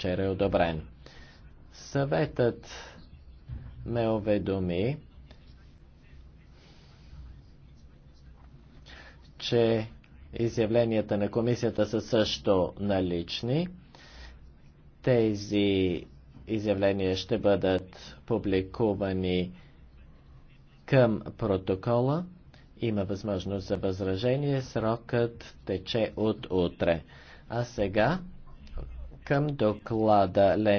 вчера е одобрен. Съветът ме уведоми, че изявленията на комисията са също налични. Тези изявления ще бъдат публикувани към протокола. Има възможност за възражение. Срокът тече от утре. А сега към доклада Лене